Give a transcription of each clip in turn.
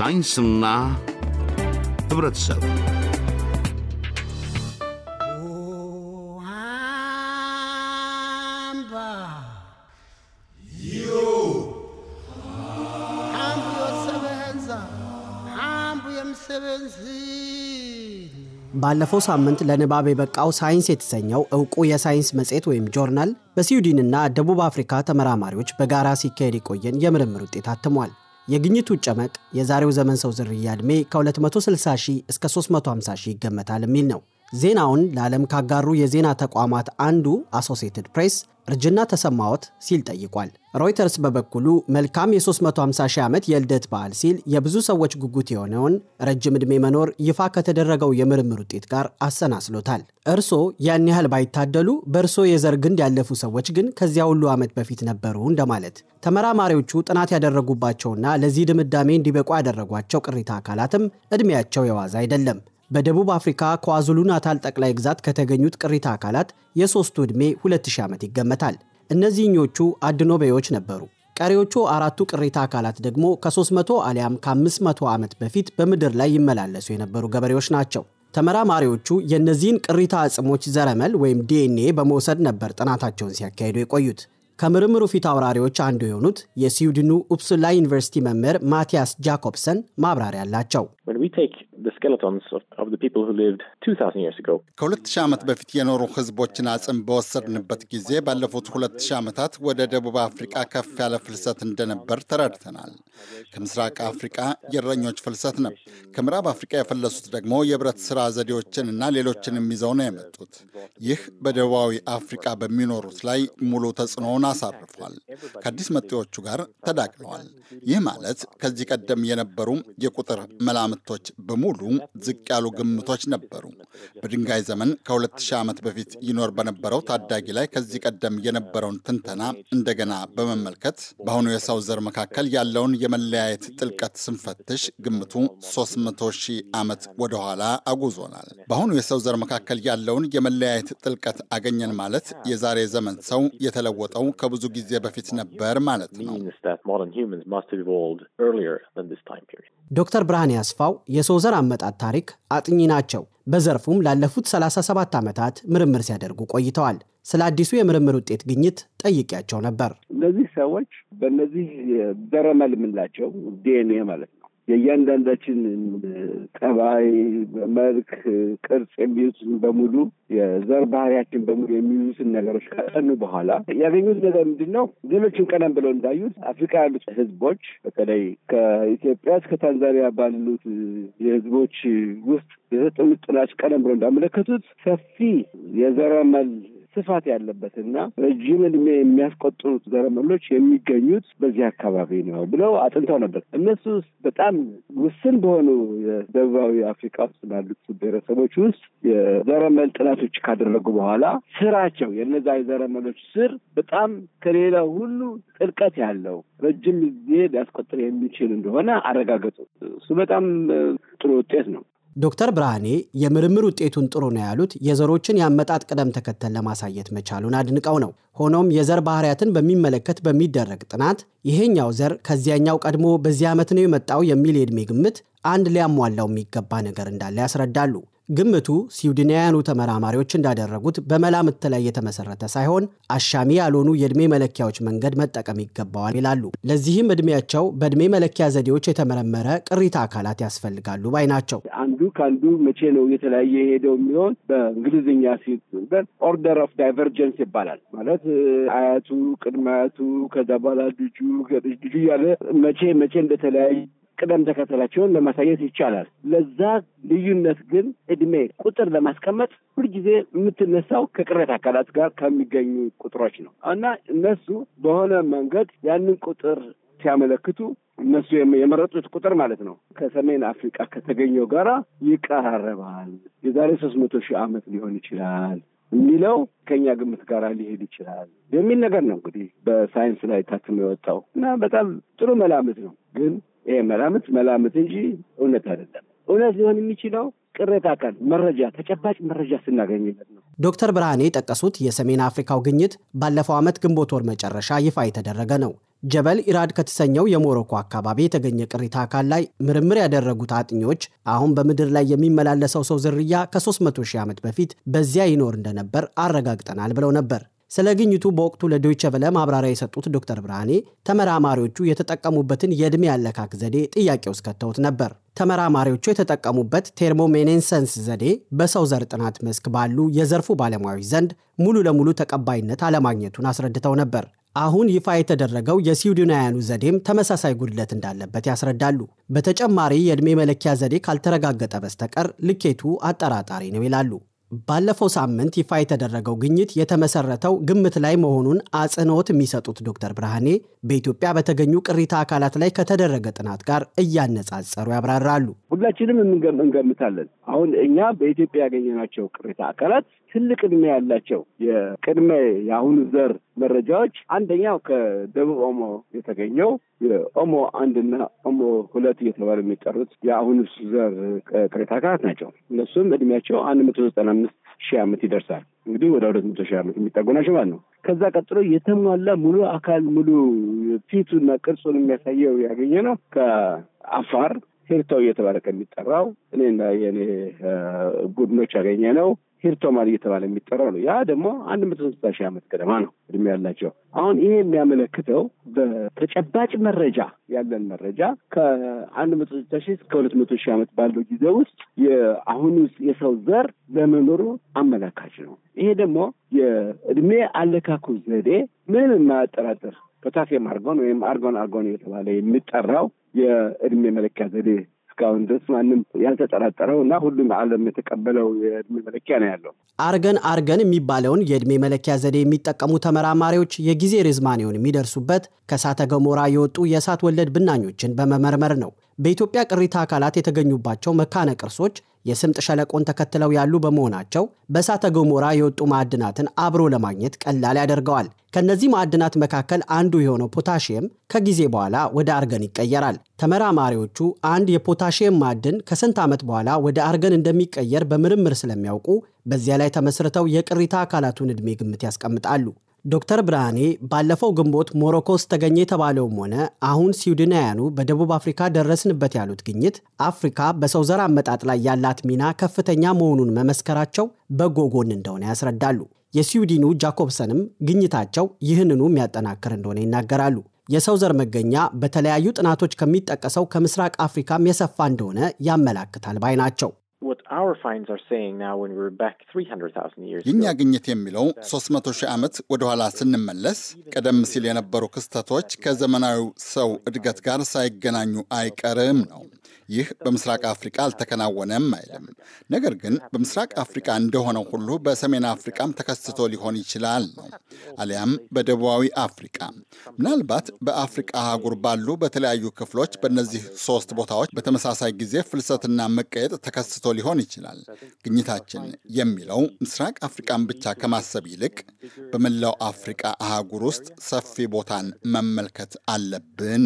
ሳይንስና ህብረተሰብ ባለፈው ሳምንት ለንባብ የበቃው ሳይንስ የተሰኘው እውቁ የሳይንስ መጽሔት ወይም ጆርናል በስዊድንና ደቡብ አፍሪካ ተመራማሪዎች በጋራ ሲካሄድ የቆየን የምርምር ውጤት አትሟል። የግኝቱ ጨመቅ የዛሬው ዘመን ሰው ዝርያ ዕድሜ ከ260 ሺህ እስከ 350 ሺህ ይገመታል የሚል ነው። ዜናውን ለዓለም ካጋሩ የዜና ተቋማት አንዱ አሶሴትድ ፕሬስ እርጅና ተሰማዎት ሲል ጠይቋል። ሮይተርስ በበኩሉ መልካም የ350 ሺህ ዓመት የልደት በዓል ሲል የብዙ ሰዎች ጉጉት የሆነውን ረጅም ዕድሜ መኖር ይፋ ከተደረገው የምርምር ውጤት ጋር አሰናስሎታል። እርሶ ያን ያህል ባይታደሉ፣ በእርሶ የዘር ግንድ ያለፉ ሰዎች ግን ከዚያ ሁሉ ዓመት በፊት ነበሩ እንደማለት። ተመራማሪዎቹ ጥናት ያደረጉባቸውና ለዚህ ድምዳሜ እንዲበቁ ያደረጓቸው ቅሪታ አካላትም ዕድሜያቸው የዋዛ አይደለም። በደቡብ አፍሪካ ኳዙሉ ናታል ጠቅላይ ግዛት ከተገኙት ቅሪታ አካላት የሦስቱ ዕድሜ 2000 ዓመት ይገመታል። እነዚህኞቹ አድኖቤዎች ነበሩ። ቀሪዎቹ አራቱ ቅሪታ አካላት ደግሞ ከ300 አሊያም ከ500 ዓመት በፊት በምድር ላይ ይመላለሱ የነበሩ ገበሬዎች ናቸው። ተመራማሪዎቹ የእነዚህን ቅሪታ አጽሞች ዘረመል ወይም ዲኤንኤ በመውሰድ ነበር ጥናታቸውን ሲያካሂዱ የቆዩት። ከምርምሩ ፊት አውራሪዎች አንዱ የሆኑት የስዊድኑ ኡፕሱላ ዩኒቨርሲቲ መምህር ማቲያስ ጃኮብሰን ማብራሪያ አላቸው። ከሁለት ሺህ ዓመት በፊት የኖሩ ህዝቦችን አጽም በወሰድንበት ጊዜ ባለፉት ሁለት ሺህ ዓመታት ወደ ደቡብ አፍሪቃ ከፍ ያለ ፍልሰት እንደነበር ተረድተናል። ከምስራቅ አፍሪቃ የእረኞች ፍልሰት ነው። ከምዕራብ አፍሪቃ የፈለሱት ደግሞ የብረት ስራ ዘዴዎችን እና ሌሎችንም ይዘው ነው የመጡት። ይህ በደቡባዊ አፍሪቃ በሚኖሩት ላይ ሙሉ ተጽዕኖውን አሳርፏል። ከአዲስ መጤዎቹ ጋር ተዳቅለዋል። ይህ ማለት ከዚህ ቀደም የነበሩ የቁጥር መላመ ምቶች በሙሉ ዝቅ ያሉ ግምቶች ነበሩ። በድንጋይ ዘመን ከ2000 ዓመት በፊት ይኖር በነበረው ታዳጊ ላይ ከዚህ ቀደም የነበረውን ትንተና እንደገና በመመልከት በአሁኑ የሰው ዘር መካከል ያለውን የመለያየት ጥልቀት ስንፈትሽ ግምቱ 300 ሺህ ዓመት ወደኋላ አጉዞናል። በአሁኑ የሰው ዘር መካከል ያለውን የመለያየት ጥልቀት አገኘን ማለት የዛሬ ዘመን ሰው የተለወጠው ከብዙ ጊዜ በፊት ነበር ማለት ነው። ዶክተር ብርሃን ያስፋ የሰፋው የሰው ዘር አመጣት ታሪክ አጥኚ ናቸው። በዘርፉም ላለፉት 37 ዓመታት ምርምር ሲያደርጉ ቆይተዋል። ስለ አዲሱ የምርምር ውጤት ግኝት ጠይቄያቸው ነበር። እነዚህ ሰዎች በእነዚህ ዘረመል የምንላቸው ዲኤንኤ ማለት ነው የእያንዳንዳችን ጠባይ፣ መልክ፣ ቅርጽ የሚይዙትን በሙሉ የዘር ባህሪያችን በሙሉ የሚይዙትን ነገሮች ከጠኑ በኋላ ያገኙት ነገር ምንድን ነው? ሌሎችም ቀደም ብለው እንዳዩት አፍሪካ ያሉት ህዝቦች በተለይ ከኢትዮጵያ እስከ ታንዛኒያ ባሉት የህዝቦች ውስጥ የሰጠኑት ቀደም ብለው እንዳመለከቱት ሰፊ የዘረመል ስፋት ያለበት እና ረጅም እድሜ የሚያስቆጥሩት ዘረመሎች የሚገኙት በዚህ አካባቢ ነው ብለው አጥንተው ነበር። እነሱ ውስጥ በጣም ውስን በሆኑ የደቡባዊ አፍሪካ ውስጥ ባሉት ብሔረሰቦች ውስጥ የዘረመል ጥናቶች ካደረጉ በኋላ ስራቸው የነዛ የዘረመሎች ስር በጣም ከሌላው ሁሉ ጥልቀት ያለው ረጅም ጊዜ ሊያስቆጥር የሚችል እንደሆነ አረጋገጡ። እሱ በጣም ጥሩ ውጤት ነው። ዶክተር ብርሃኔ የምርምር ውጤቱን ጥሩ ነው ያሉት የዘሮችን የአመጣጥ ቅደም ተከተል ለማሳየት መቻሉን አድንቀው ነው። ሆኖም የዘር ባህሪያትን በሚመለከት በሚደረግ ጥናት ይሄኛው ዘር ከዚያኛው ቀድሞ በዚህ ዓመት ነው የመጣው የሚል የዕድሜ ግምት አንድ ሊያሟላው የሚገባ ነገር እንዳለ ያስረዳሉ። ግምቱ ስዊድናውያኑ ተመራማሪዎች እንዳደረጉት በመላምት ላይ የተመሰረተ ሳይሆን አሻሚ ያልሆኑ የዕድሜ መለኪያዎች መንገድ መጠቀም ይገባዋል ይላሉ። ለዚህም እድሜያቸው በዕድሜ መለኪያ ዘዴዎች የተመረመረ ቅሪተ አካላት ያስፈልጋሉ ባይ ናቸው። አንዱ ከአንዱ መቼ ነው የተለያየ የሄደው የሚሆን በእንግሊዝኛ ሲበር ኦርደር ኦፍ ዳይቨርጀንስ ይባላል። ማለት አያቱ፣ ቅድመ አያቱ ከዛ በኋላ ልጁ ልጁ እያለ መቼ መቼ እንደተለያየ ቅደም ተከተላቸውን ለማሳየት ይቻላል። ለዛ ልዩነት ግን እድሜ ቁጥር ለማስቀመጥ ሁልጊዜ የምትነሳው ከቅሬታ አካላት ጋር ከሚገኙ ቁጥሮች ነው እና እነሱ በሆነ መንገድ ያንን ቁጥር ሲያመለክቱ እነሱ የመረጡት ቁጥር ማለት ነው ከሰሜን አፍሪቃ ከተገኘው ጋራ ይቀራረባል። የዛሬ ሶስት መቶ ሺህ ዓመት ሊሆን ይችላል የሚለው ከኛ ግምት ጋር ሊሄድ ይችላል የሚል ነገር ነው። እንግዲህ በሳይንስ ላይ ታትሞ የወጣው እና በጣም ጥሩ መላምት ነው ግን ይሄ መላምት መላምት እንጂ እውነት አይደለም። እውነት ሊሆን የሚችለው ቅሬታ አካል መረጃ፣ ተጨባጭ መረጃ ስናገኝበት ነው። ዶክተር ብርሃኔ የጠቀሱት የሰሜን አፍሪካው ግኝት ባለፈው ዓመት ግንቦት ወር መጨረሻ ይፋ የተደረገ ነው። ጀበል ኢራድ ከተሰኘው የሞሮኮ አካባቢ የተገኘ ቅሪተ አካል ላይ ምርምር ያደረጉት አጥኚዎች አሁን በምድር ላይ የሚመላለሰው ሰው ዝርያ ከ300 ሺህ ዓመት በፊት በዚያ ይኖር እንደነበር አረጋግጠናል ብለው ነበር። ስለ ግኝቱ በወቅቱ ለዶይቸ በለ ማብራሪያ የሰጡት ዶክተር ብርሃኔ ተመራማሪዎቹ የተጠቀሙበትን የዕድሜ አለካክ ዘዴ ጥያቄ ውስጥ ከተውት ነበር። ተመራማሪዎቹ የተጠቀሙበት ቴርሞሜኔንሰንስ ዘዴ በሰው ዘር ጥናት መስክ ባሉ የዘርፉ ባለሙያዎች ዘንድ ሙሉ ለሙሉ ተቀባይነት አለማግኘቱን አስረድተው ነበር። አሁን ይፋ የተደረገው የስዊድናውያኑ ዘዴም ተመሳሳይ ጉድለት እንዳለበት ያስረዳሉ። በተጨማሪ የዕድሜ መለኪያ ዘዴ ካልተረጋገጠ በስተቀር ልኬቱ አጠራጣሪ ነው ይላሉ። ባለፈው ሳምንት ይፋ የተደረገው ግኝት የተመሰረተው ግምት ላይ መሆኑን አጽንኦት የሚሰጡት ዶክተር ብርሃኔ በኢትዮጵያ በተገኙ ቅሪታ አካላት ላይ ከተደረገ ጥናት ጋር እያነጻጸሩ ያብራራሉ። ሁላችንም እንገምታለን። አሁን እኛ በኢትዮጵያ ያገኘናቸው ቅሪታ አካላት ትልቅ እድሜ ያላቸው የቅድመ የአሁኑ ዘር መረጃዎች አንደኛው ከደቡብ ኦሞ የተገኘው የኦሞ አንድና ኦሞ ሁለት እየተባሉ የሚጠሩት የአሁኑ ዘር ቅሪተ አካላት ናቸው። እነሱም እድሜያቸው አንድ መቶ ዘጠና አምስት ሺህ ዓመት ይደርሳል። እንግዲህ ወደ ሁለት መቶ ሺህ ዓመት የሚጠጉ ናቸው ማለት ነው። ከዛ ቀጥሎ የተሟላ ሙሉ አካል ሙሉ ፊቱና ቅርጹን የሚያሳየው ያገኘ ነው ከአፋር ሄርታው እየተባለ ከሚጠራው እኔና የኔ ቡድኖች ያገኘ ነው ሂርቶማል እየተባለ የሚጠራው ነው። ያ ደግሞ አንድ መቶ ስልሳ ሺህ ዓመት ገደማ ነው እድሜ ያላቸው። አሁን ይሄ የሚያመለክተው በተጨባጭ መረጃ ያለን መረጃ ከአንድ መቶ ስልሳ ሺህ እስከ ሁለት መቶ ሺህ ዓመት ባለው ጊዜ ውስጥ የአሁኑ የሰው ዘር ለመኖሩ አመላካች ነው። ይሄ ደግሞ የእድሜ አለካኩ ዘዴ ምንም የማያጠራጥር ፖታሲየም አርጎን ወይም አርጎን አርጎን እየተባለ የሚጠራው የእድሜ መለኪያ ዘዴ እስካሁን ድረስ ማንም ያልተጠራጠረው እና ሁሉም ዓለም የተቀበለው የእድሜ መለኪያ ነው ያለው። አርገን አርገን የሚባለውን የእድሜ መለኪያ ዘዴ የሚጠቀሙ ተመራማሪዎች የጊዜ ርዝማኔውን የሚደርሱበት ከእሳተ ገሞራ የወጡ የእሳት ወለድ ብናኞችን በመመርመር ነው። በኢትዮጵያ ቅሪተ አካላት የተገኙባቸው መካነ ቅርሶች የስምጥ ሸለቆን ተከትለው ያሉ በመሆናቸው በእሳተ ገሞራ የወጡ ማዕድናትን አብሮ ለማግኘት ቀላል ያደርገዋል። ከእነዚህ ማዕድናት መካከል አንዱ የሆነው ፖታሽየም ከጊዜ በኋላ ወደ አርገን ይቀየራል። ተመራማሪዎቹ አንድ የፖታሽየም ማዕድን ከስንት ዓመት በኋላ ወደ አርገን እንደሚቀየር በምርምር ስለሚያውቁ በዚያ ላይ ተመስርተው የቅሪታ አካላቱን ዕድሜ ግምት ያስቀምጣሉ። ዶክተር ብርሃኔ ባለፈው ግንቦት ሞሮኮ ውስጥ ተገኘ የተባለውም ሆነ አሁን ስዊድናውያኑ በደቡብ አፍሪካ ደረስንበት ያሉት ግኝት አፍሪካ በሰው ዘር አመጣጥ ላይ ያላት ሚና ከፍተኛ መሆኑን መመስከራቸው በጎ ጎን እንደሆነ ያስረዳሉ። የስዊድኑ ጃኮብሰንም ግኝታቸው ይህንኑ የሚያጠናክር እንደሆነ ይናገራሉ። የሰው ዘር መገኛ በተለያዩ ጥናቶች ከሚጠቀሰው ከምስራቅ አፍሪካም የሰፋ እንደሆነ ያመላክታል ባይ ናቸው። የእኛ ግኝት የሚለው 300 ሺህ ዓመት ወደኋላ ስንመለስ ቀደም ሲል የነበሩ ክስተቶች ከዘመናዊው ሰው እድገት ጋር ሳይገናኙ አይቀርም ነው። ይህ በምስራቅ አፍሪቃ አልተከናወነም አይልም። ነገር ግን በምስራቅ አፍሪቃ እንደሆነ ሁሉ በሰሜን አፍሪቃም ተከስቶ ሊሆን ይችላል ነው፣ አሊያም በደቡባዊ አፍሪቃ፣ ምናልባት በአፍሪቃ አህጉር ባሉ በተለያዩ ክፍሎች በእነዚህ ሶስት ቦታዎች በተመሳሳይ ጊዜ ፍልሰትና መቀየጥ ተከስቶ ሊሆን ይችላል። ግኝታችን የሚለው ምስራቅ አፍሪቃን ብቻ ከማሰብ ይልቅ በመላው አፍሪቃ አህጉር ውስጥ ሰፊ ቦታን መመልከት አለብን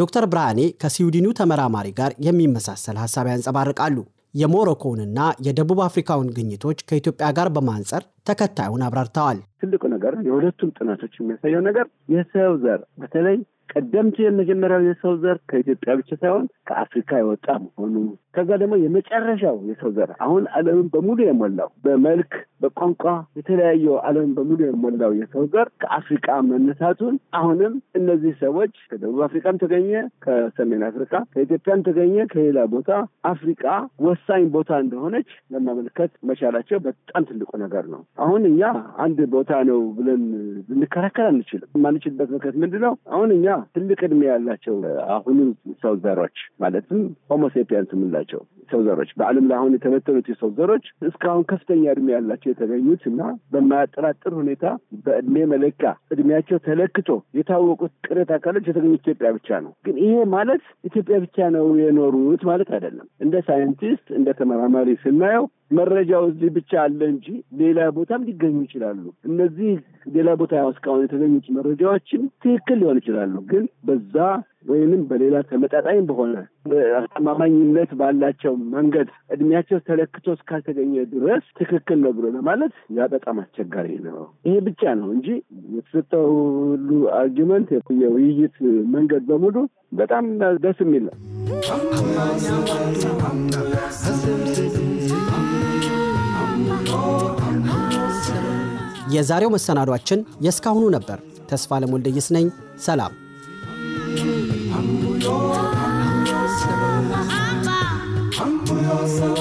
ዶክተር ብርሃኔ ከስዊድኑ ተመራማሪ ጋር የሚመሳሰል ሀሳብ ያንጸባርቃሉ። የሞሮኮውንና የደቡብ አፍሪካውን ግኝቶች ከኢትዮጵያ ጋር በማንጸር ተከታዩን አብራርተዋል። ትልቁ ነገር የሁለቱም ጥናቶች የሚያሳየው ነገር የሰው ዘር በተለይ ቀደምት የመጀመሪያው የሰው ዘር ከኢትዮጵያ ብቻ ሳይሆን ከአፍሪካ የወጣ መሆኑ ከዛ ደግሞ የመጨረሻው የሰው ዘር አሁን አለምን በሙሉ የሞላው በመልክ በቋንቋ የተለያዩ ዓለም በሙሉ የሞላው የሰው ዘር ከአፍሪቃ መነሳቱን አሁንም እነዚህ ሰዎች ከደቡብ አፍሪካም ተገኘ፣ ከሰሜን አፍሪካ፣ ከኢትዮጵያም ተገኘ፣ ከሌላ ቦታ አፍሪቃ ወሳኝ ቦታ እንደሆነች ለማመልከት መቻላቸው በጣም ትልቁ ነገር ነው። አሁን እኛ አንድ ቦታ ነው ብለን ልንከራከር አንችልም። የማንችልበት ምክንያት ምንድን ነው? አሁን እኛ ትልቅ እድሜ ያላቸው አሁኑ ሰው ዘሮች ማለትም ሆሞሴፒያንስ የምንላቸው የሰው ዘሮች በዓለም ላይ አሁን የተበተኑት የሰው ዘሮች እስካሁን ከፍተኛ እድሜ ያላቸው የተገኙት እና በማያጠራጥር ሁኔታ በእድሜ መለኪያ እድሜያቸው ተለክቶ የታወቁት ቅረት አካሎች የተገኙት ኢትዮጵያ ብቻ ነው። ግን ይሄ ማለት ኢትዮጵያ ብቻ ነው የኖሩት ማለት አይደለም። እንደ ሳይንቲስት እንደ ተመራማሪ ስናየው መረጃው እዚህ ብቻ አለ እንጂ ሌላ ቦታም ሊገኙ ይችላሉ። እነዚህ ሌላ ቦታ እስካሁን የተገኙት መረጃዎችም ትክክል ሊሆን ይችላሉ፣ ግን በዛ ወይንም በሌላ ተመጣጣኝ በሆነ አስተማማኝነት ባላቸው መንገድ እድሜያቸው ተለክቶ እስካልተገኘ ድረስ ትክክል ነው ብሎ ለማለት ያ በጣም አስቸጋሪ ነው። ይሄ ብቻ ነው እንጂ የተሰጠው ሁሉ አርጊመንት የውይይት መንገድ በሙሉ በጣም ደስ የሚል ነው። የዛሬው መሰናዷችን የእስካሁኑ ነበር። ተስፋ ለሞልደይስ ነኝ። ሰላም። 보여서